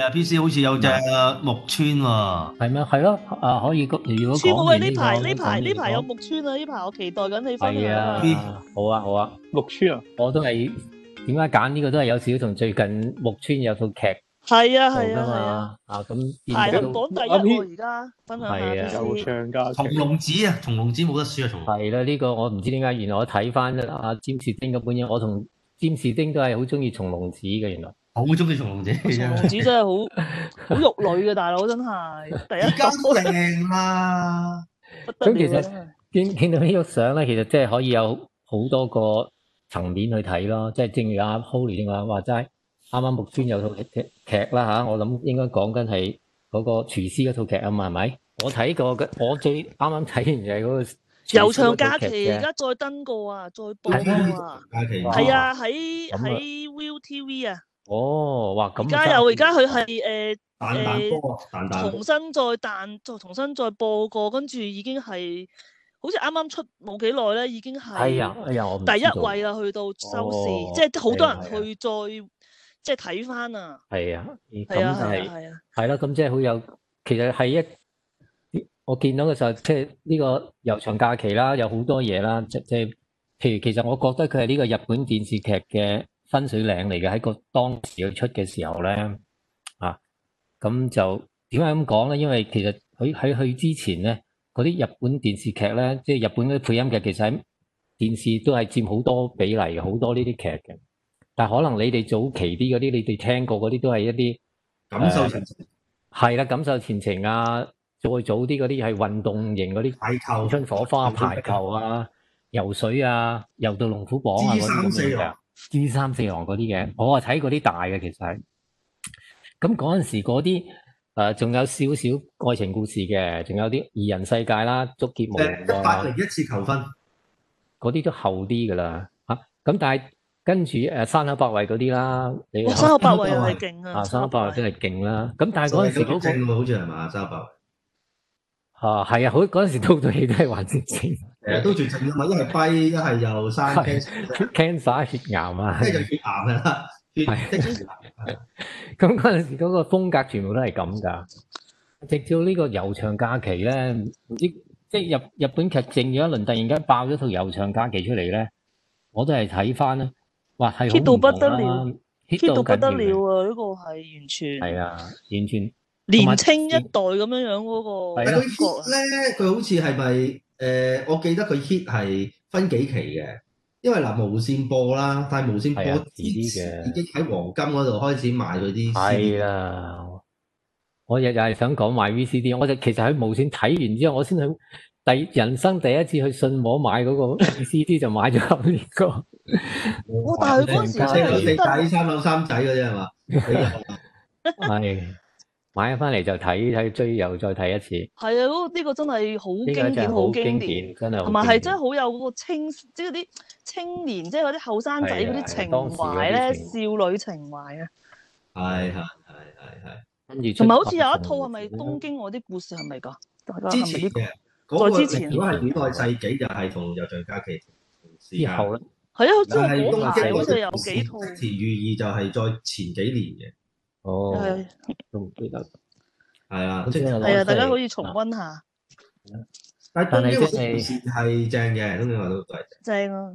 啊！P C 好似有隻木村喎，係咩？係咯，啊可以。如果講呢排呢排呢排有木村啊，呢排我期待緊呢份嘢啊！好啊好啊，木村啊！我都係點解揀呢個都係有少少同最近木村有套劇係啊係啊嘛啊咁。係香港第一個而家分享下係啊，有唱㗎。松隆子啊，松隆子冇得輸啊，松。係啦，呢個我唔知點解，原來我睇翻阿詹士丁嘅本子，我同詹士丁都係好中意松隆子嘅，原來。好中意《神龍者》嘅， 《神龍者》真係好好肉女嘅大佬，真係。第一，而家都靚啦。咁 其實見見到呢個相咧，其實即係可以有好多個層面去睇咯。即係正如阿 Holly 話話齋，啱啱木村有套劇啦嚇，我諗應該講緊係嗰個廚師嗰套劇啊嘛，係咪？我睇過嘅，我最啱啱睇完就係嗰個。《悠長假期》，而家再登過啊，再播啊。《悠長假期》，係啊，喺喺 ViuTV 啊。哦，哇！而家又而家佢係誒誒，重新再彈，再重新再播過，跟住已經係好似啱啱出冇幾耐咧，已經係係啊，第一位啦，哎呀哎、呀去到收視，哦、即係好多人去再即係睇翻啊。係啊，咁就係係啊，係啦、啊，咁即係好有。其實喺一我見到嘅時候，即係呢個悠長假期啦，有好多嘢啦，即即係譬如，其實我覺得佢係呢個日本電視劇嘅。分水嶺嚟嘅喺個當時去出嘅時候咧，啊咁就點解咁講咧？因為其實喺喺去，去之前咧，嗰啲日本電視劇咧，即係日本啲配音劇，其實電視都係佔好多比例好多呢啲劇嘅。但可能你哋早期啲嗰啲，你哋聽過嗰啲都係一啲感受前程，係啦、呃，感受前程啊。再早啲嗰啲係運動型嗰啲，青春火花、排球啊、游水啊、啊游，啊游到龍虎榜啊嗰啲咁嘅啲三四郎嗰啲嘅，我啊睇嗰啲大嘅，其實係咁嗰陣時嗰啲誒，仲、呃、有少少愛情故事嘅，仲有啲二人世界啦，足結網啊，一百零一次求婚，嗰啲都厚啲噶啦吓，咁、啊、但係跟住誒，山、啊、口百惠嗰啲啦，你。哦、山口百惠係勁啊，山口百惠真係勁啦，咁、啊、但係嗰陣時嗰個好似係嘛，山口百惠。哦，係啊，啊，好嗰陣時到戲都對嘢都係還絕症，誒，都絕症啊嘛，一係肺，一係又生 cancer 血癌啊，血癌啊，係、啊，咁嗰陣時嗰個風格全部都係咁噶。直到呢個《悠長假期》呢咧，唔知即係日日本劇正咗一輪，突然間爆咗套《悠長假期》出嚟咧，我都係睇翻咧，哇，係 hit 到不，、啊、不得了 hit 到不得了啊！呢個係完全係啊，完全。年青一代咁樣樣嗰個，佢咧佢好似係咪誒？我記得佢 hit 係分幾期嘅，因為嗱無綫播啦，但係無綫播 CD 嘅已經喺黃金嗰度開始賣嗰啲，啊。係啦，啊，我日日想講買 VCD，我就其實喺無綫睇完之後，我先去第人生第一次去信和買嗰個、v、CD 就買咗呢、那個。我 哇但係嗰時四樓四仔，三樓三仔嗰啲係嘛？係。買咗翻嚟就睇睇追又再睇一次，係啊，呢個真係好經典，好經典，真係同埋係真係好有嗰個青，即係啲青年，即係嗰啲後生仔嗰啲情懷咧，少女情懷啊，係係係係係，跟住同埋好似有一套係咪東京嗰啲故事係咪噶？之前嘅嗰個如果係古代世紀就係同又再加琪，之後咧，係啊，即係好似有幾套，之前寓意就係再前幾年嘅。哦，都比較係啦，係啊，大家可以重溫下。但係呢件事係正嘅，咁正啊。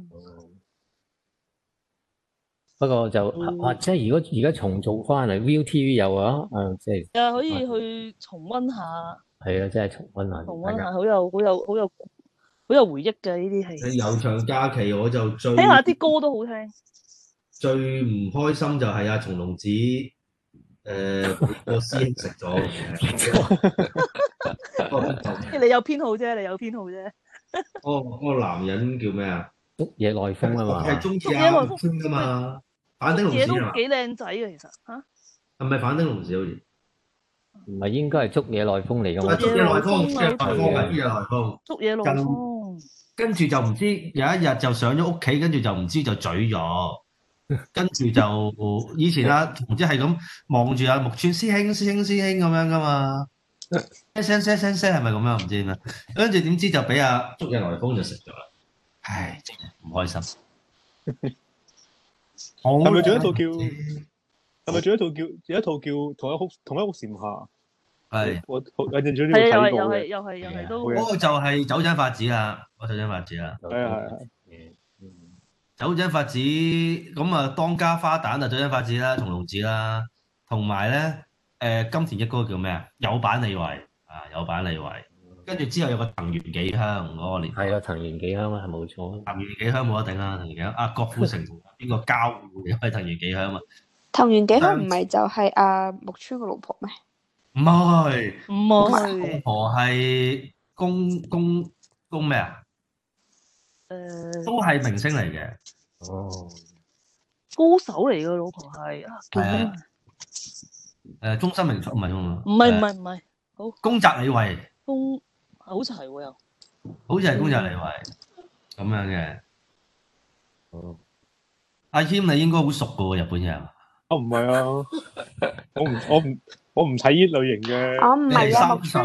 不過就或者如果而家重做翻嚟，ViuTV 有啊，即係啊，可以去重溫下。係啊，即係重溫下，重溫下好有好有好有好有回憶嘅呢啲戲。佢悠長假期，我就最睇下啲歌都好聽。最唔開心就係阿松隆子。誒，我先食咗，你有偏好啫，你有偏好啫。嗰個男人叫咩啊？竹野內豐係嘛？係竹野內豐噶嘛？反町隆史啊？幾靚仔嘅其實吓，係咪反町隆史好似？唔係應該係竹野內豐嚟嘅嘛？竹野內豐，竹野反町，竹野內豐。跟住就唔知有一日就上咗屋企，跟住就唔知就嘴咗。跟住就以前啦、啊，唔知係咁望住阿木村師兄、師兄、師兄咁樣噶嘛？聲聲聲係咪咁樣唔知咩？跟住點知就俾阿祝日來風就食咗啦，唉，真係唔開心。係咪仲有一套叫？係咪仲有一套叫？仲有一套叫同一屋同一屋檐下。係我阿鄭主呢度睇過。有有個，的又係又係又係都哦，的個就係酒緊法子啦，的的酒緊法子啦。係啊。酒井法子咁啊，當家花旦就酒井法子啦，同龍子啦，同埋咧誒金田一嗰個叫咩啊？友坂理惠啊，友坂理惠，跟住之後有個藤原紀香嗰個年係啊，藤原紀香啊，係冇錯啊，藤原紀香冇得頂啊，藤原紀香 啊，郭富城邊個交互嘅係藤原紀香啊嘛？藤原紀香唔、啊、係就係阿木村個老婆咩？唔係唔係公婆啊，係公公公咩啊？誒，都係明星嚟嘅，哦，高手嚟嘅老婆係啊，係啊，誒，終身名廚唔係沖咯，唔係唔係唔係，好，宮澤理惠，公好似係喎又，好似係宮澤理惠咁樣嘅，哦，阿謙你應該好熟噶喎，日本人，我唔係啊，我唔我唔。我唔睇呢類型嘅，我木頭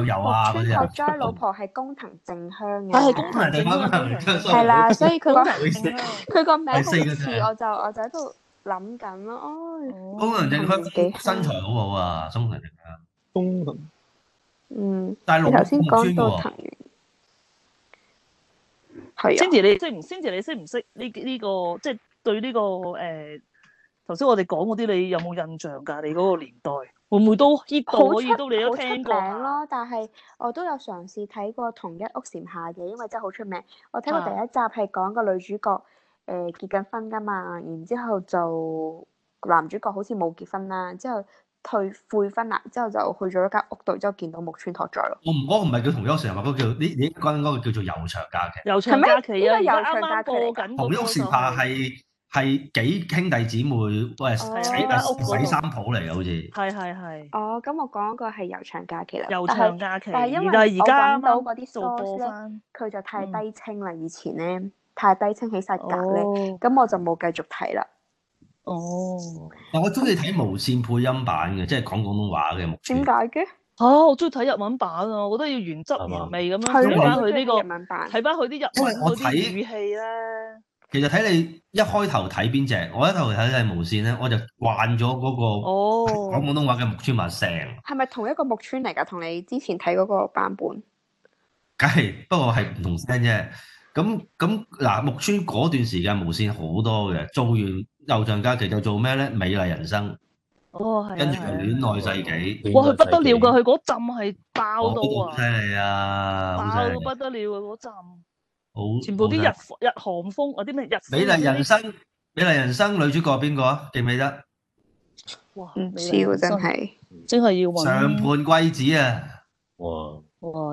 油啊！木村拓哉老婆係工藤靜香嘅，我係工藤靜香，係啦，所以佢個佢個名好似我就我就喺度諗緊咯，哦，工藤靜香身材好好啊，工藤靜香，工藤，嗯，你頭先講到藤原，星爺你即係星你識唔識呢呢個即係對呢個誒？頭先我哋講嗰啲，你有冇印象㗎？你嗰個年代會唔會都熱度可以都出你都聽過好出好出名咯。但係我都有嘗試睇過《同一屋檐下》嘅，因為真係好出名。我睇過第一集係講個女主角誒、呃、結緊婚㗎嘛，然之後就男主角好似冇結婚啦，之後退悔婚啦，之後就去咗一間屋度，之後見到木村拓哉咯。我唔唔係叫《同一屋檐下》，嗰個叫你你講緊嗰個叫做《悠長假期》。悠長假期啊！因為悠長假期啊！《同一屋檐下》係。係幾兄弟姊妹喂，洗洗衫鋪嚟嘅，好似係係係哦，咁我講個係悠長假期啦，悠長假期，但係我搵到嗰啲 source 咧，佢就太低清啦。以前咧太低清起晒格咧，咁我就冇繼續睇啦。哦，但我中意睇無綫配音版嘅，即係講廣東話嘅。點解嘅？吓，我中意睇日文版啊！我覺得要原汁原味咁樣睇翻佢呢個睇翻佢啲日文嗰啲語氣咧。其實睇你一開頭睇邊隻，我一開頭睇係無綫咧，我就慣咗嗰個哦，講廣東話嘅木村萬成，係咪同一個木村嚟噶？同你之前睇嗰個版本？梗係，不過係唔同聲啫。咁咁，嗱，木村嗰段時間無綫好多嘅，做完悠長假期就做咩咧？美麗人生。哦，係、啊。跟住就戀愛世紀。哇、哦，佢不得了噶，佢嗰陣係爆到啊！犀利啊，爆到不得了啊，嗰陣。像好全部啲日日韓風啲咩？日韓風日韓風美麗人生，美麗人生女主角邊個啊？記唔記得？哇，唔知真係真係要上盤貴子啊！哇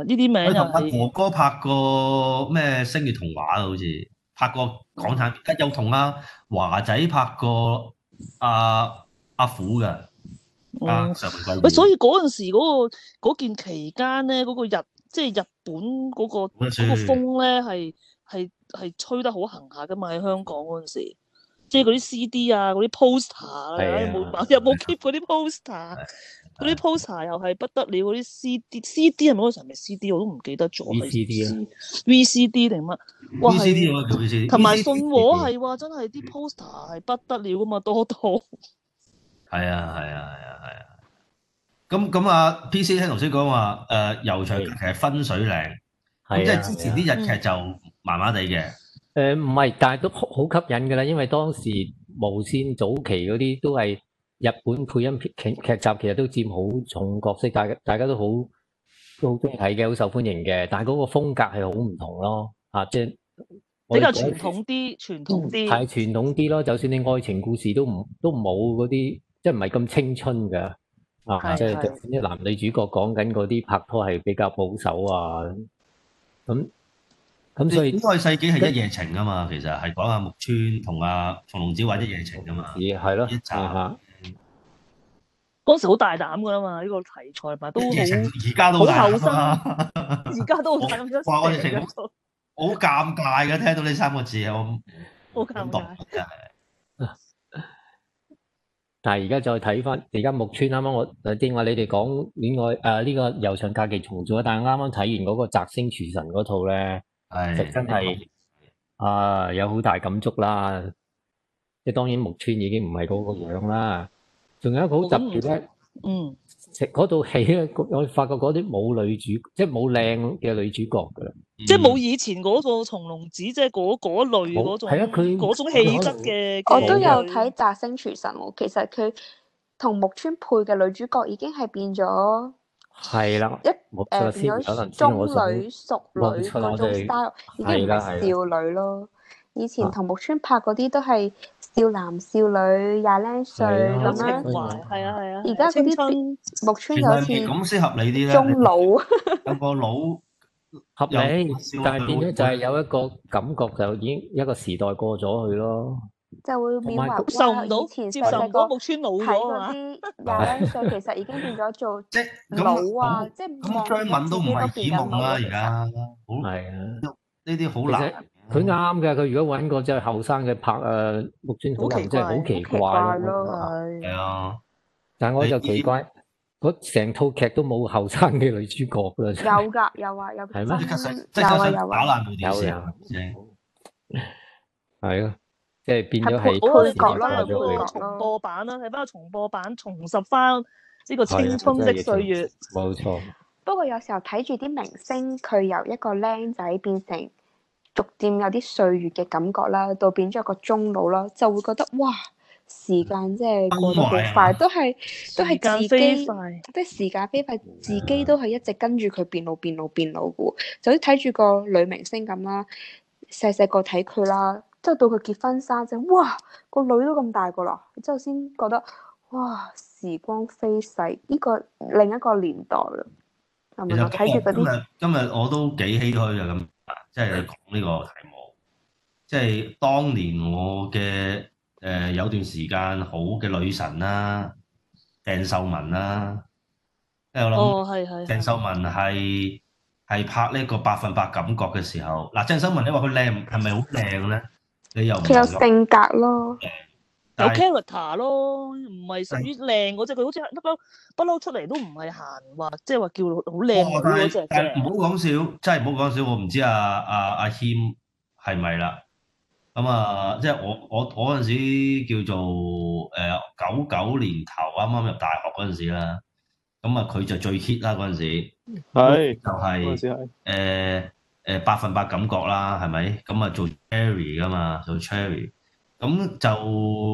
呢啲名又同、就是、阿哥哥拍過咩？星月童話好似拍過港產，嗯、有同阿華仔拍過阿、啊啊、阿虎嘅。阿、嗯啊、上盤貴子。喂，所以嗰陣時嗰、嗰個件期間咧，嗰、嗰個日即係日。本嗰、嗰個嗰風咧係係係吹得好行下噶嘛？喺香港嗰陣時，即係嗰啲 CD 啊，嗰啲 poster 啊，啊有冇 keep 嗰啲、啊、poster？嗰啲、啊、poster 又係不得了，嗰啲 CD，CD 係咪嗰陣時係咪 CD？我都唔記得咗。VCD 啊，VCD 定乜？哇 CD 同埋信和係話真係啲 poster 係不得了噶嘛，多多。係啊，係啊，係啊，係啊。咁咁啊，P.C. 聽頭先講話，誒、呃，油長其實分水嶺，咁即係之前啲日劇就麻麻地嘅。誒，唔係、嗯呃，但係都好吸引㗎啦。因為當時無線早期嗰啲都係日本配音劇劇，劇，劇集，其實都佔好重角色，大家都好都好鍾意睇嘅，好受歡迎嘅。但係嗰個風格係好唔同咯，即、啊、係、就是、比較傳統啲，傳統啲係傳統啲咯。就算你愛情故事都唔都冇嗰啲，即係唔係咁青春嘅。即係啲男女主角講緊嗰啲拍拖係比較保守啊，咁咁所以《戀愛世紀》係一夜情噶嘛？其實係講阿木村同阿馮龍子玩一夜情噶嘛？係咯、嗯，一下，嗰的時好大膽噶啦嘛？呢、這個題材嘛，都好而家都好，後生，而家都哇！一夜情好尷尬嘅，聽到呢三個字我好尷尬。 但係而家再睇翻，而家木村啱啱我正話你哋講戀愛，誒呢、呃這個悠長假期重聚，但係啱啱睇完嗰個摘星廚神嗰套咧，是的真係啊、呃、有好大感觸啦！即係當然木村已經唔係嗰個樣啦，仲有一個好特別咧。食嗰套戲咧，我發覺嗰啲冇女主，即係冇靚嘅女主角噶、嗯，即係冇以前嗰個《松隆子》，即係嗰嗰類嗰種嗰種氣質嘅。我都有睇《摘星廚神》哦，其實佢同木村配嘅女主角已經係變咗，係啦，一誒、呃、變咗中女熟女嗰種 style，已經唔係少女咯。以前同木村拍嗰啲都係少男少女廿零歲咁樣啦，係啊係啊。而家嗰啲木村就好似，咁先合理啲啦。中老，有個老合理，但係變咗就係有一個感覺就已經一個時代過咗去咯，就會緬懷。受唔到？接受。我木村老咗啊嘛。啲廿零歲其實已經變咗做老啊，即係。咁張敏都唔係子夢啦，而家好呢啲好難。佢啱嘅，佢如果揾個即係後生嘅拍，誒，農村土真係好奇怪咯，係啊，但係我就奇怪，嗰成套劇都冇後生嘅女主角噶，有噶有啊有，真有真有真有爛有條線，係咯，即係變咗係回顧啦，係翻個重播版啦，睇翻個重播版重拾翻呢個青春的歲月，冇錯。不過有時候睇住啲明星，佢由一個靚仔變成。逐漸有啲歲月嘅感覺啦，到變咗個中老啦，就會覺得哇，時間真係過得好快，都係、oh、my 都係自己啲時間飛快，快，自己都係一直跟住佢變老變老變老。嘅就好似睇住個女明星咁啦，細細個睇佢啦，之後到佢結婚生仔，哇，個女都咁大個啦，之後先覺得哇，時光飛逝，呢、呢個另一個年代啦，係咪？睇住嗰啲今日今日我都幾唏噓啊咁。即係講呢個題目，即、就、係、是、當年我嘅誒、呃、有段時間好嘅女神啦、啊，鄭秀文啦、啊，即係、嗯欸、我諗，鄭秀文係係、哦、拍呢個百分百感覺嘅時候，嗱、呃，鄭秀文你話佢靚，係咪好靚咧？你又唔佢有，有性格咯。有 character 咯，唔係屬於靚嗰隻，佢的好似不嬲，不嬲出嚟都唔係行話，即係話叫好靚嗰隻。唔好講笑，真係唔好講笑。我唔知阿阿阿謙係咪啦。咁、嗯嗯嗯、啊，即係我我我嗰陣時叫做誒九九年頭啱啱入大學嗰陣時啦。咁、嗯、啊，佢就最 hit 啦嗰陣時，係的時就係誒誒百分百感覺啦，係咪？咁啊做 Cherry 噶嘛，做 Cherry。咁就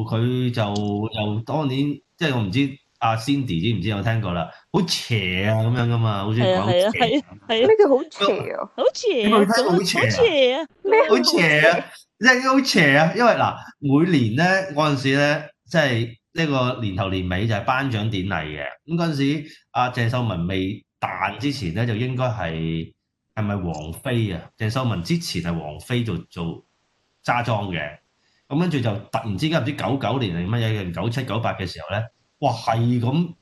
佢就又當年，即係我唔知阿 Cindy 知唔知，有聽過啦，好邪啊咁樣噶嘛，好似想講邪，係啊係啊，咩叫好邪？好邪？點解會睇好邪啊？咩好邪啊？即係好邪啊！因為嗱，每年咧嗰陣時咧，即係呢個年頭年尾就係頒獎典禮嘅。咁嗰陣時，阿鄭秀文未誕之前咧，就應該係係咪王菲啊？鄭秀文之前係王菲做做揸莊嘅。咁跟住就突然之間唔知九九年定乜嘢嘅九七九八嘅時候咧，哇係咁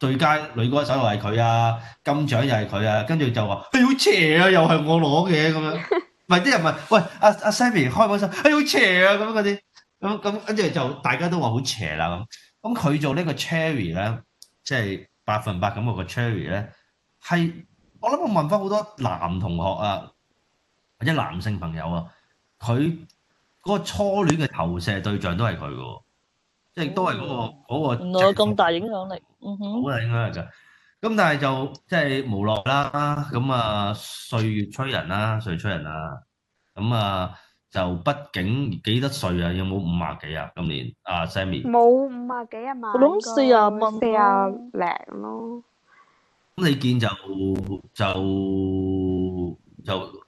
最佳女歌手又係佢啊，金獎又係佢啊，跟住就話哎好邪啊，又係我攞嘅咁樣，唔係啲人問，喂阿阿、啊啊、Sammy 開波手，哎好邪啊咁嗰啲，咁咁跟住就大家都話好邪啦咁，咁佢做呢個 Cherry 咧，即係百分百咁個個 Cherry 咧係，我諗我問翻好多男同學啊，或者男性朋友啊，佢。嗰個初戀嘅投射對象都係佢嘅，即係都係嗰、嗰個、嗯嗰個、原來有咁大影響力，嗯哼。好大影響力㗎，咁但係就即係無奈啦，咁啊歲月催人啦，歲月催人啦。咁啊就畢竟幾多歲啊？有冇五啊幾啊？今年啊 Sammy 冇五啊幾啊？嘛，我諗四啊蚊四啊零咯。咁你見就就就。就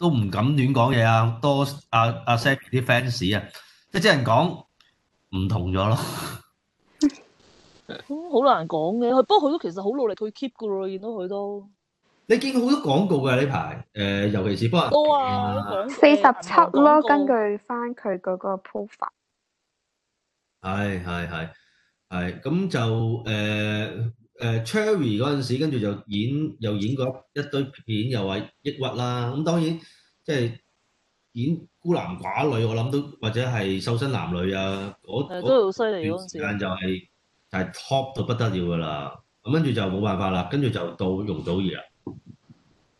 都唔敢亂講嘢啊！多阿阿 Sam 啲 fans 啊，即係啲人講唔同咗咯，好難講嘅。不過佢都其實好努力，去 keep 㗎咯，見到佢都。你見好多廣告㗎呢排，誒尤其是幫多啊，四十七咯，根據翻佢嗰個 profile。係係係係，咁就誒。誒、uh,，Cherry 嗰陣時，跟住就演，又演過一堆片，又話抑鬱啦。咁當然，即、就、係、是、演孤男寡女，我諗都，或者係瘦身男女啊，我誒，都好犀利嗰陣時。段時間就係、是、就係、是、top 到不得了噶啦，咁跟住就冇辦法啦，跟住就到容祖兒。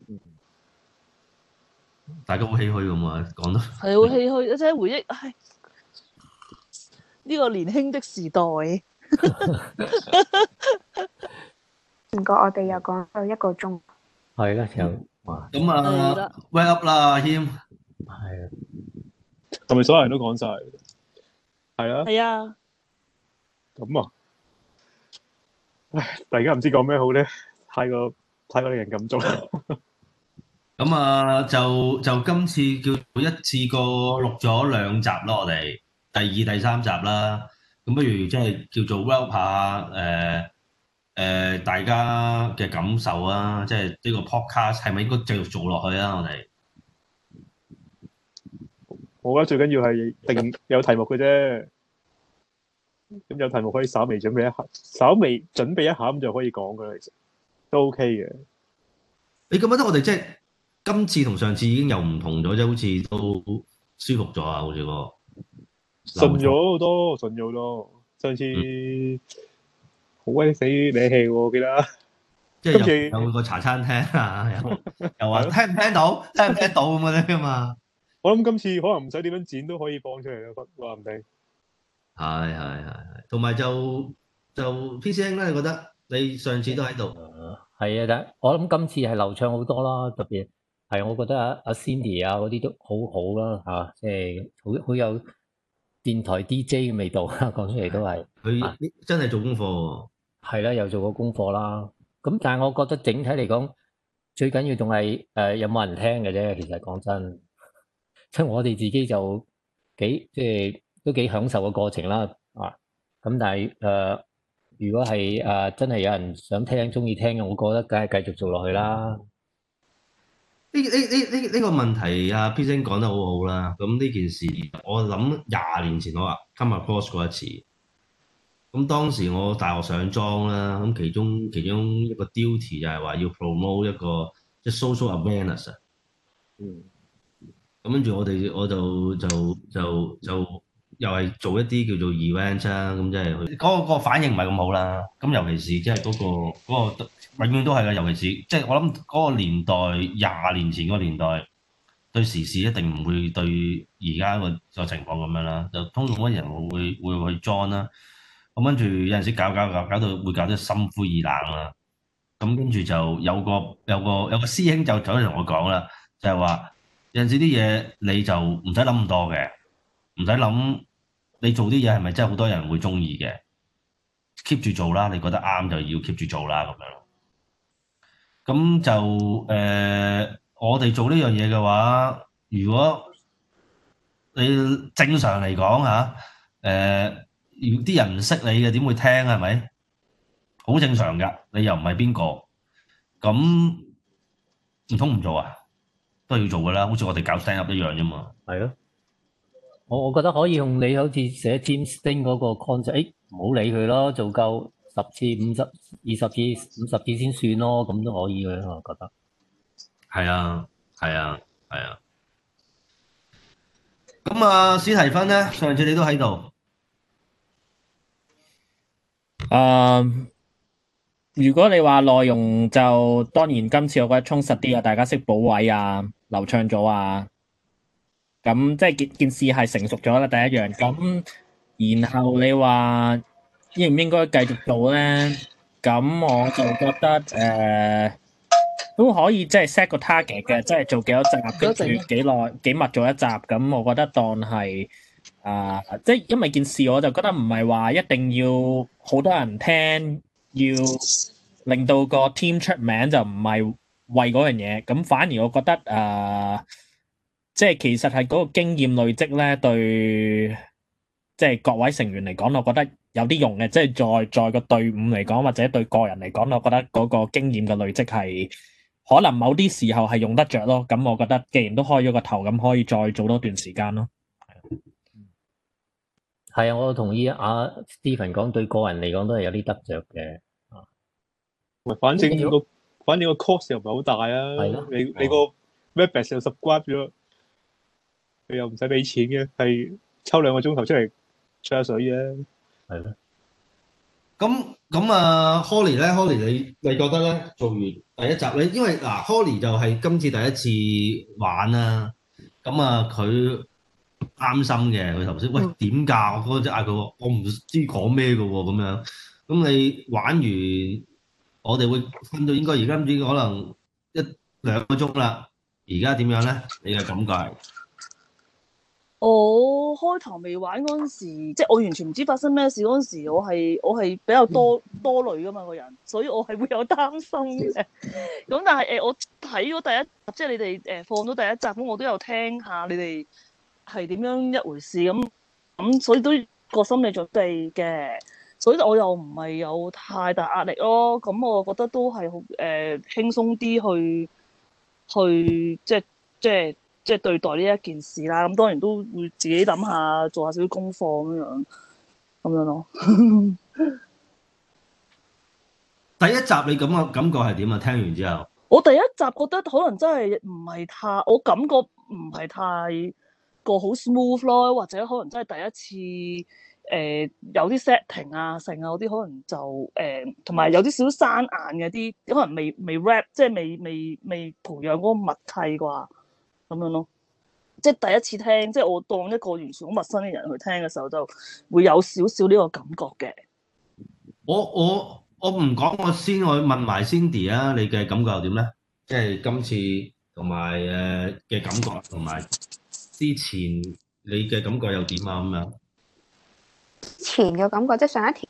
嗯、大家好唏嘘咁啊，講得，係好唏嘘，即係回憶，呢、這個年輕的時代。 唔該，我哋又講到一個鐘，係啦，又咁啊，welp 啦，阿謙、嗯，係啊，係咪所有人都講晒？係啊，係啊的，咁啊，唉，大家唔知講咩好咧，太過太過令人緊張。咁啊， 就就今次叫做一次過錄咗兩集咯，我哋第二、第三集啦。咁不如即係叫做 welp 下誒。呃誒、呃、大家嘅感受啊，即係呢個 podcast 係咪應該繼續做落去啊？我哋我覺得最緊要係定有題目嘅啫，咁有題目可以稍微準備一下，稍微準備一下咁就可以講嘅啦。其實都 OK 嘅。你覺得我哋即係今次同上次已經又唔同咗啫，好似都舒服咗啊，好似噃順咗好多，順咗多。上次。嗯威死你氣喎！ 我記得，即係有，次有個茶餐廳啊，有 又又話聽唔聽到， 聽唔聽到咁啊嘛。我諗今次可能唔使點樣剪都可以放出嚟啦，話唔定。係係係，同埋就就 P C N 咧，你覺得你上次都喺度？係啊，但係我諗今次係流暢好多啦，特別係我覺得阿阿 Cindy 啊嗰啲都好好啦吓，即係好好有電台 D J 嘅味道啊，講出嚟都係佢真係做功課。係啦，又做過功課啦。咁但係我覺得整體嚟講，最緊要仲係誒有冇人聽嘅啫。其實講真，即係我哋自己就幾即係都幾享受個過程啦。啊，咁但係誒、呃，如果係誒、呃、真係有人想聽、中意聽嘅，我覺得梗係繼續做落去啦。呢呢呢呢呢個問題、啊，阿 B 精講得好好啦。咁呢件事，我諗廿年前我話今日 post 過一次。咁當時我大學上莊啦，咁其中其中一個 duty 就係話要 promote 一個即、就是、social awareness。嗯。咁跟住我哋我就就就就又係做一啲叫做 event 啦。咁即係去。嗰、那個那個反應唔係咁好啦。咁尤其是即係嗰個嗰、那個那個、永遠都係噶，尤其是即係、就是、我諗嗰個年代廿年前個年代，對時事一定唔會對而家個情況咁樣啦。就通常乜人會會會去莊啦？咁跟住有陣時搞搞搞，搞到會搞得心灰意冷啦。咁跟住就有個有個有個師兄就走同我講啦，就係話有陣時啲嘢你就唔使諗咁多嘅，唔使諗你做啲嘢係咪真係好多人會中意嘅，keep 住做啦。你覺得啱就要 keep 住做啦咁樣。咁就誒，我哋做呢樣嘢嘅話，如果你正常嚟講吓。誒啲人唔識你嘅，點會聽啊？係咪？好正常㗎，你又唔係邊個？咁唔通唔做啊？都要做㗎啦，好似我哋搞 stand up 一樣啫嘛。係咯、啊，我我覺得可以用你好似寫 Team Sting 嗰個 content，唔好理佢咯，做夠十次、五十、二十次、五十次先算咯，咁都可以嘅我覺得。係啊，係啊，係啊。咁啊，史提芬咧，上次你都喺度。誒，uh, 如果你話內容就當然今次我覺得充實啲啊，大家識補位啊，流暢咗啊，咁即係件件事係成熟咗啦，第一樣。咁然後你話應唔應該繼續做咧？咁我就覺得誒、呃，都可以即係 set 個 target 嘅，即係做幾多集，跟住幾耐幾密做一集。咁我覺得當係。啊，即係因為件事，我就覺得唔係話一定要好多人聽，要令到個 team 出名，就唔係為嗰樣嘢，咁反而我覺得誒，即係其實係嗰個經驗累積咧，對即係各位成員嚟講，我覺得有啲用嘅，即係在在個隊伍嚟講或者對個人嚟講，我覺得嗰個經驗嘅累積係可能某啲時候係用得着咯。咁我覺得既然都開咗個頭，咁可以再做多段時間咯。係啊，我同意啊 Ste 說。Steven 講對個人嚟講都係有啲得着嘅。啊，反正個，以反正個 cost 又唔係好大啊。係咯，你你個 membership 又 subscribe 咗，佢又唔使俾錢嘅，係抽兩個鐘頭出嚟吹下水啫。係咯的。咁咁啊 Holly 咧 Holly 你你覺得咧，做完第一集咧，因為嗱 Holly 就係今次第一次玩啊。咁啊，佢。擔心嘅，佢頭先，喂點教？我即係嗌佢，我唔知講咩嘅咁樣。咁你玩完，我哋會分到應該而家唔知可能一兩個鐘啦。而家點樣咧？你嘅感覺？我開頭未玩嗰陣時，即係我完全唔知發生咩事嗰陣時，我係我係比較多多慮噶嘛，個人，所以我係會有擔心嘅。咁 但係誒，我睇咗第一集，即係你哋誒放咗第一集，咁我都有聽下你哋。係點樣一回事咁咁，所以都有個心理準備嘅，所以我又唔係有太大壓力咯。咁我覺得都係好誒，輕鬆啲去去即係即係即係對待呢一件事啦。咁當然都會自己諗下，做下少少功課咁樣，咁樣咯。 第一集你咁嘅感覺係點啊？聽完之後，我第一集覺得可能真係唔係太，我感覺唔係太。個好 smooth 咯，或者可能真係第一次誒有啲 setting 啊、成啊嗰啲，可能就誒同埋有啲少生硬嘅啲，可能未未 rap，即係未未未培養嗰個默契啩，咁樣咯，即係第一次聽，即係我當一個完全好陌生嘅人去聽嘅時候，就會有少少呢個感覺嘅。我我我唔講，我先去我問埋 Cindy 啊，你嘅感覺點咧？即係今次同埋誒嘅感覺同埋。之前你嘅感覺又點啊？咁樣。之前嘅感覺即係上一條。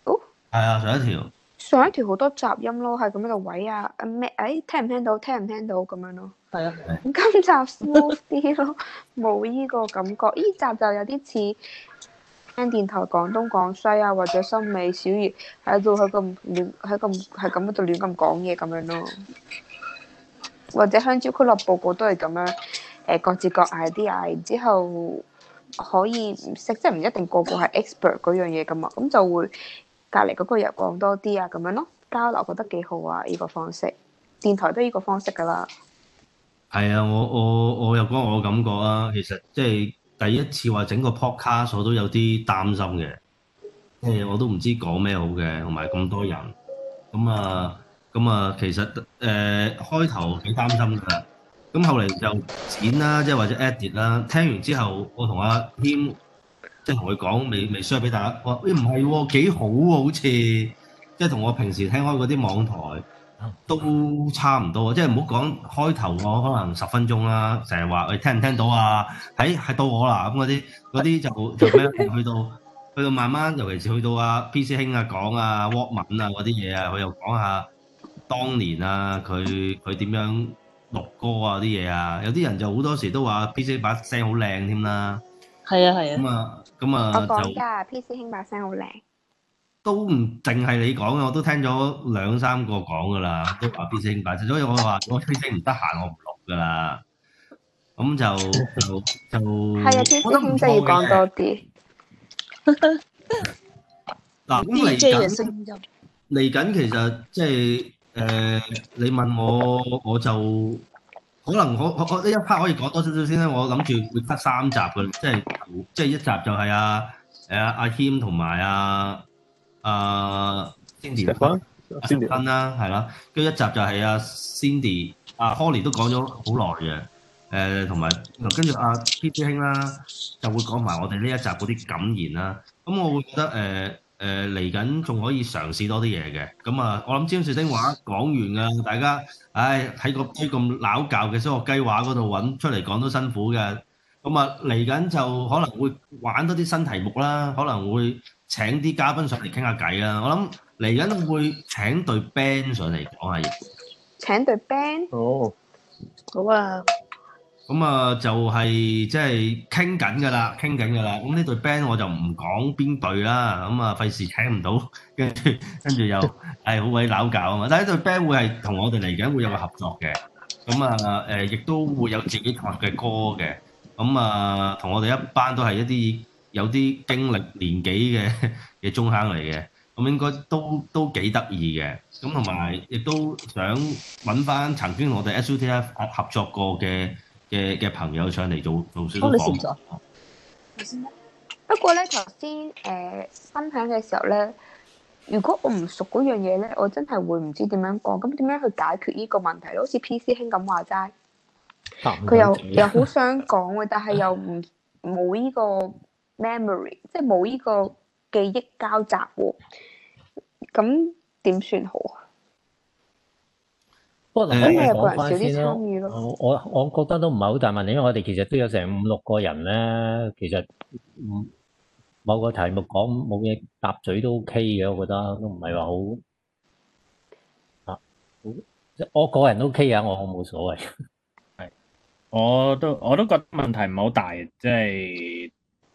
係啊，上一條。上一條好多雜音咯，係咁樣嘅位啊！咩？誒，聽唔聽到？聽唔聽到？咁樣咯。係啊，係啊。今集 smooth 啲咯，冇依 個感覺。依集就有啲似聽電台講東講西啊，或者森美小儀喺度喺咁亂喺咁係咁喺度亂咁講嘢咁樣咯。或者香蕉俱樂部個都係咁樣。誒，各自各 idea，之後可以唔識，即係唔一定個個係 expert 嗰樣嘢噶嘛，咁就會隔離嗰個又講多啲啊，咁樣咯，交流覺得幾好啊！呢、呢個方式，電台都依個方式噶啦。係啊，我我我又講我感覺啊，其實即係第一次話整個 podcast 我，我都有啲擔心嘅，即係我都唔知講咩好嘅，同埋咁多人，咁啊，咁啊，其實誒、呃、開頭幾擔心㗎。咁後嚟就剪啦，即係或者 add t 啦。聽完之後，我同阿軒即係同佢講，未未要 h 俾大家。話誒唔係喎，幾好喎，好似即係同我平時聽開嗰啲網台都差唔多，即係唔好講開頭，我可能十分鐘啦，成日話誒聽唔聽到啊？喺、哎、喺到我啦咁，嗰啲嗰啲就就慢慢去到去到慢慢，尤其是去到阿 PC 兄啊講啊、k 文啊嗰啲嘢啊，佢又講下當年啊，佢佢點樣錄歌啊啲嘢啊，有啲人就好多時都話 PC 把聲好靚添啦。係啊係啊。咁啊咁啊就。我講噶，PC 兄把聲好靚。都唔淨係你講嘅，我都聽咗兩三個講噶啦，都話 PC 兄把聲，所以我話我 PC 唔得閒，我唔錄噶啦。咁就就就。係啊，PC 兄就要講多啲。嗱，咁嚟緊嚟緊，其實即係。誒、呃，你問我，我就可能我我我呢一 part 可以講多少少先咧。我諗住會 cut 三集嘅，即係即係一集就係阿阿阿謙同埋阿阿先田，阿先田啦，係、啊、啦。跟、啊、住、啊、一集就係阿、啊、Cindy、啊、阿 Colin 都講咗好耐嘅。誒、呃，同埋跟住阿、啊、Peter 兄啦，就會講埋我哋呢一集嗰啲感言啦。咁我會覺得誒。呃誒，嚟緊仲可以嘗試多啲嘢嘅，咁啊，我諗詹士丁話講完啊，大家，唉，喺個啲咁撈教嘅小學雞話嗰度揾出嚟講都辛苦嘅。咁啊嚟緊就可能會玩多啲新題目啦，可能會請啲嘉賓上嚟傾下偈啦，我諗嚟緊會請隊 band 上嚟講下嘢，請隊 band，好，oh. 好啊。咁啊，就係即係傾緊嘅啦，傾緊嘅啦。咁呢對 band 我就唔講邊對啦，咁啊費事聽唔到。跟住跟住又係好鬼攪搞啊嘛！但係呢對 band 會係同我哋嚟緊會有個合作嘅，咁啊誒，亦都會有自己拍嘅歌嘅。咁啊，同我哋一班都係一啲有啲經歷年紀嘅嘅中坑嚟嘅，咁應該都都幾得意嘅。咁同埋亦都想搵返曾經我哋 SUTF 合合作過嘅嘅嘅朋友上嚟做老師，講。我哋先不過咧，頭先誒分享嘅時候咧，如果我唔熟嗰樣嘢咧，我真係會唔知點樣講，咁點樣去解決依個問題？好似 P 師兄咁話齋，佢又 又好想講嘅，但係又唔冇依個 memory， 即係冇依個記憶交集，喎。咁點算好？不過可能講翻先咯。我我我覺得都唔係好大問題，因為我哋其實都有成五六個人咧，其實唔某個題目講冇嘢答嘴都 OK 嘅，我覺得都唔係話好啊。我個人 OK 啊，我冇所謂。係，我都我都覺得問題唔係好大，即係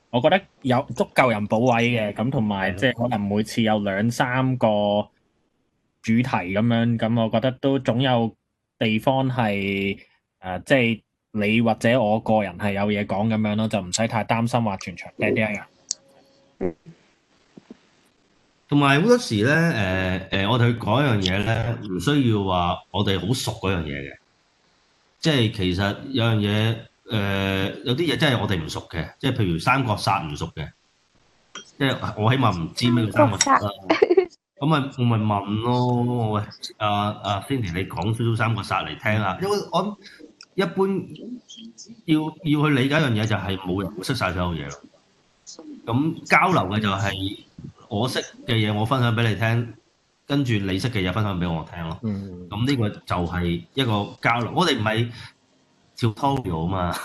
我覺得有足夠人補位嘅，咁同埋即係可能每次有兩三個。主題咁樣咁，我覺得都總有地方係誒，即、呃、係、就是、你或者我個人係有嘢講咁樣咯，就唔使太擔心話全場 dead dead 嘅。同埋好多時咧，誒、呃、誒、呃，我哋講一樣嘢咧，唔需要話我哋好熟嗰樣嘢嘅。即係其實有樣嘢，誒、呃，有啲嘢真係我哋唔熟嘅，即係譬如《三國殺》唔熟嘅，即係我起碼唔知咩叫《三國殺》啊。咁咪我咪問咯、啊，喂、啊，阿阿 Cindy，你講《少少三國殺》嚟聽下，因為我一般要要去理解一樣嘢，就係冇人會識晒所有嘢咯。咁交流嘅就係我識嘅嘢，我分享俾你聽，跟住你識嘅嘢分享俾我聽咯。咁呢個就係一個交流。我哋唔係 tutorial 啊嘛，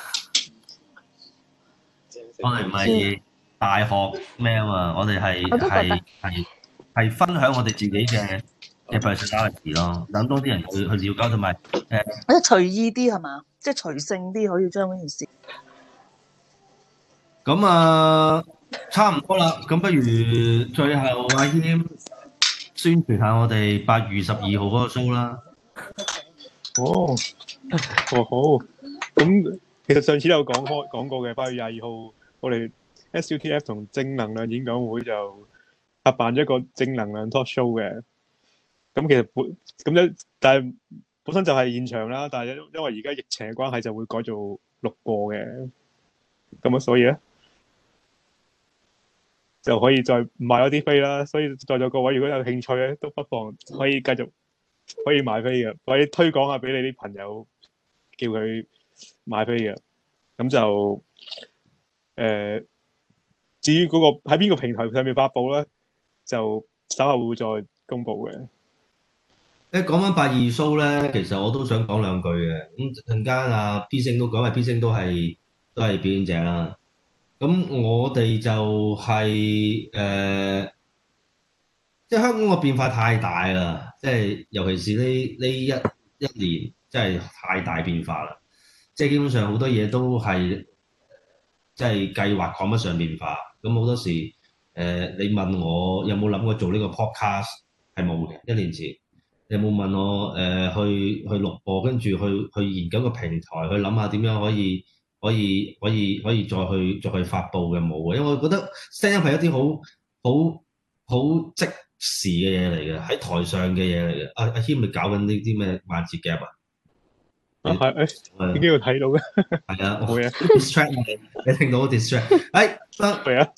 我哋唔係大學咩啊嘛，我哋係係係。係分享我哋自己嘅 expertise 咯，等多啲人去去瞭解同埋誒，隨意啲係嘛？即係、就是、隨性啲可以將嗰啲事件。咁啊，差唔多啦。咁不如最後阿謙宣傳下我哋八月十二號嗰個 show 啦、哦。哦，哦好。咁其實上次都有講開講過嘅八月廿二號，我哋 SUTF 同正能量演講會就。啊！辦咗一個正能量 talk show 嘅，咁其實本咁但係本身就係現場啦。但係因為而家疫情嘅關係，就會改做錄播嘅，咁啊，所以咧，就可以再買多啲飛啦。所以在座各位，如果有興趣咧，都不妨可以繼續可以買飛嘅，可以推廣下俾你啲朋友，叫佢買飛嘅。咁就誒、呃，至於嗰、那個喺邊個平台上面發布咧？就稍後會再公布嘅。誒，講緊八二蘇咧，其實我都想講兩句嘅。咁陣間啊，P 星都講，P 星都係都係表演者啦。咁我哋就係、是、誒，即、呃、係、就是、香港個變化太大啦。即、就、係、是、尤其是呢呢一一年，真係太大變化啦。即、就、係、是、基本上好多嘢都係即係計劃趕不上變化。咁好多時。誒，你問我有冇諗過做呢個 podcast 係冇嘅，一年前。你有冇問我誒、呃，去去錄播，跟住去去研究個平台，去諗下點樣可以可以可以可以再去再去發布嘅冇。因為我覺得聲音係一啲好好好即時嘅嘢嚟嘅，喺台上嘅嘢嚟嘅。阿阿謙咪搞緊呢啲咩萬字夾啊？係呢啲睇到嘅。係啊，冇嘢、啊。distract、哎、你聽到我 distract 啊。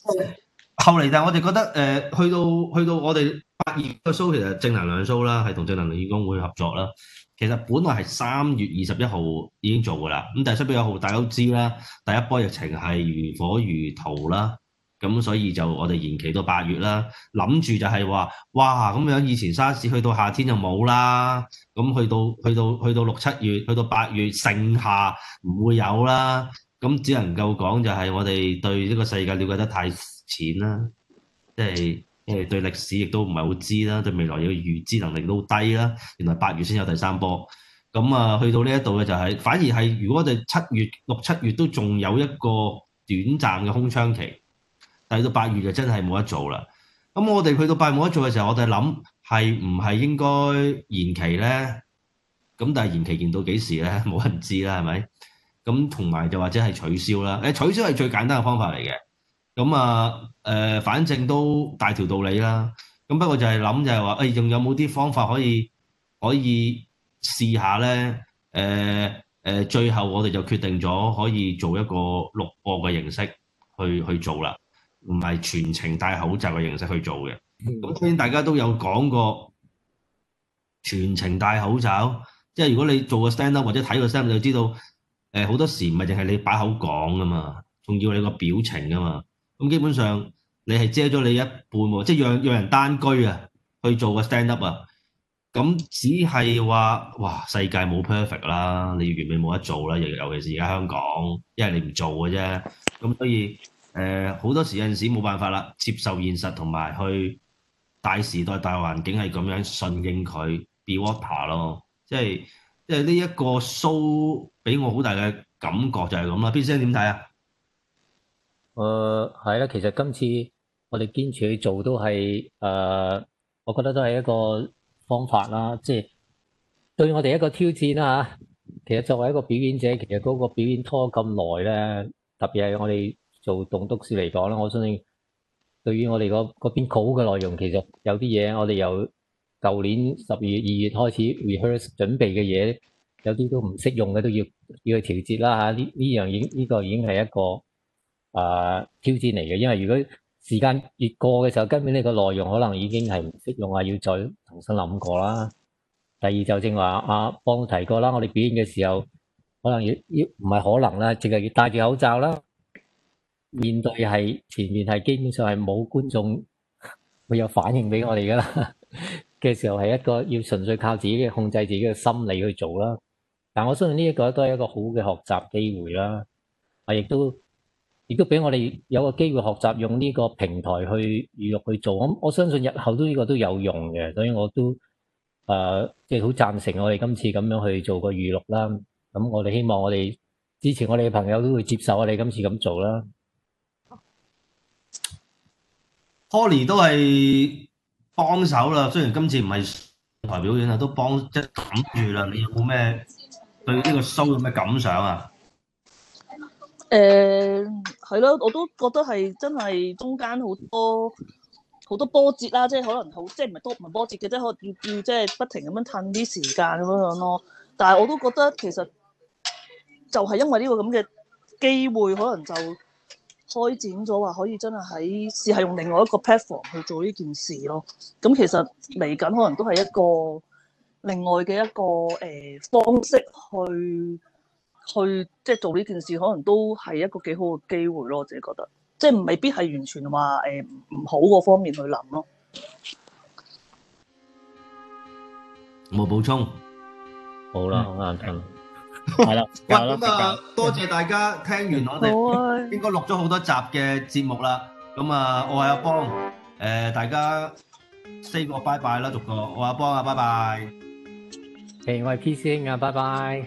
後嚟就我哋覺得誒、呃，去到去到我哋八月嘅 show 其實正能量 show 啦，係同正能量聯工會合作啦。其實本來係三月二十一號已經做㗎啦，咁但係七月一號大家都知啦，第一波疫情係如火如荼啦，咁所以就我哋延期到八月啦。諗住就係話，哇咁樣以前沙士去到夏天就冇啦，咁去到去到去到六七月，去到八月盛夏唔會有啦。咁只能夠講就係我哋對呢個世界了解得太。錢啦、啊，即係即係對歷史亦都唔係好知啦，對未來嘅預知能力都低啦、啊。原來八月先有第三波，咁啊去到呢一度嘅就係、是、反而係如果我哋七月六七月都仲有一個短暫嘅空窗期，但係到八月就真係冇得做啦。咁我哋去到八月冇得做嘅時候，我哋諗係唔係應該延期咧？咁但係延期延到幾時咧？冇人知啦，係咪？咁同埋就或者係取消啦。誒，取消係最簡單嘅方法嚟嘅。咁啊、呃，反正都大條道理啦。咁不過就係諗就係話，誒、欸，仲有冇啲方法可以可以試下咧？誒、呃呃、最後我哋就決定咗可以做一個錄播嘅形式去去做啦，唔係全程戴口罩嘅形式去做嘅。咁雖然大家都有講過全程戴口罩，即係如果你做個 stand up 或者睇個 stand up，你就知道誒好多時唔係淨係你擺口講㗎嘛，仲要你個表情㗎嘛。咁基本上你係遮咗你一半喎，即係讓讓人單居啊，去做個 stand up 啊，咁只係話，哇，世界冇 perfect 啦，你完美冇得做啦，尤其是而家香港，因為你唔做嘅啫，咁所以誒好多時有陣時冇辦法啦，接受現實同埋去大時代大環境係咁樣順應佢，be water 咯，即係即係呢一個 show 俾我好大嘅感覺就係咁啦，B 先生點睇啊？誒，係啦、呃，其實今次我哋堅持去做都係誒、呃，我覺得都係一個方法啦，即、就、係、是、對我哋一個挑戰啦吓。其實作為一個表演者，其實嗰個表演拖咁耐咧，特別係我哋做棟篤笑嚟講咧，我相信對於我哋嗰邊稿嘅內容，其實有啲嘢我哋由舊年十二月、二月開始 rehearse 準備嘅嘢，有啲都唔識用嘅都要要去調節啦吓。呢呢樣已呢個已經係一個。誒、啊，挑戰嚟嘅，因為如果時間越過嘅時候，根本呢個內容可能已經係唔適用啊，要再重新諗過啦。第二就正話阿幫提過啦，我哋表演嘅時候，可能要要唔係可能啦，淨係要戴住口罩啦，面對係前面係基本上係冇觀眾會有反應俾我哋噶啦嘅時候，係一個要純粹靠自己嘅控制自己嘅心理去做啦。但我相信呢一個都係一個好嘅學習機會啦。我亦都。亦都俾我哋有個機會學習用呢個平台去預錄去做，我我相信日後都呢個都有用嘅，所以我都誒即係好贊成我哋今次咁樣去做個預錄啦。即係咁，我哋希望我哋之前我哋嘅朋友都會接受我哋今次咁做啦。Poly 都係幫手啦，雖然今次唔係上台表演啊，都幫即係揼住啦。你有冇咩對呢個 show 有咩感想啊？誒係咯，我都覺得係真係中間好多好多波折啦，即係可能好，即係唔係多唔係波折嘅，即係可能要要即係不停咁樣褪啲時間咁樣樣咯。但係我都覺得其實就係因為呢個咁嘅機會，可能就開展咗話可以真係喺試下用另外一個 platform 去做呢件事咯。咁其實嚟緊可能都係一個另外嘅一個誒、呃、方式去。去即係做呢件事，可能都係一個幾好嘅機會咯，我自己覺得，即係未必係完全話誒唔好個方面去諗咯。冇補充，好啦，好眼瞓，係啦，咁啊，了多謝大家聽完我哋應該錄咗好多集嘅節目啦。咁啊，啊，我係阿邦，誒、呃，大家 say 個拜拜啦，逐個我係阿邦啊，拜拜。誒，我係 P C N 啊，拜拜。